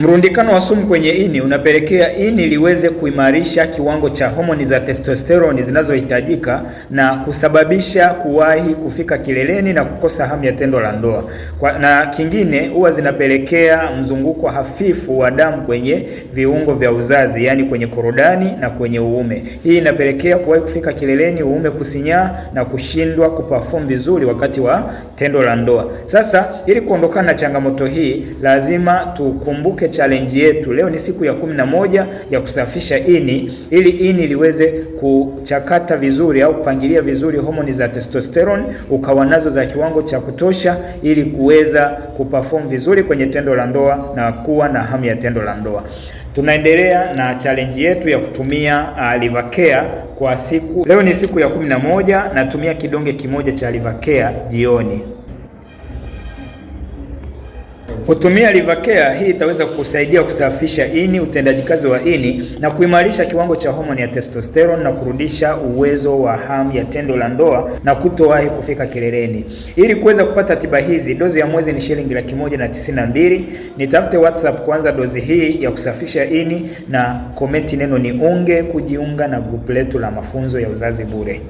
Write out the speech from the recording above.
Mrundikano wa sumu kwenye ini unapelekea ini liweze kuimarisha kiwango cha homoni za testosteroni zinazohitajika na kusababisha kuwahi kufika kileleni na kukosa hamu ya tendo la ndoa. Na kingine huwa zinapelekea mzunguko hafifu wa damu kwenye viungo vya uzazi, yaani kwenye korodani na kwenye uume. Hii inapelekea kuwahi kufika kileleni, uume kusinyaa na kushindwa kuperform vizuri wakati wa tendo la ndoa. Sasa ili kuondokana na changamoto hii, lazima tukumbuke challenge yetu leo ni siku ya kumi na moja ya kusafisha ini ili ini liweze kuchakata vizuri au kupangilia vizuri homoni za testosterone, ukawa nazo za kiwango cha kutosha ili kuweza kuperform vizuri kwenye tendo la ndoa na kuwa na hamu ya tendo la ndoa. Tunaendelea na challenge yetu ya kutumia uh, Liver Care kwa siku. Leo ni siku ya kumi na moja, natumia kidonge kimoja cha Liver Care jioni. Kutumia Liver Care hii itaweza kukusaidia kusafisha ini, utendaji kazi wa ini na kuimarisha kiwango cha homoni ya testosterone na kurudisha uwezo wa hamu ya tendo la ndoa na kutowahi kufika kileleni. Ili kuweza kupata tiba hizi, dozi ya mwezi ni shilingi laki moja na tisini na mbili. Nitafute WhatsApp kuanza dozi hii ya kusafisha ini na komenti neno ni unge kujiunga na grupu letu la mafunzo ya uzazi bure.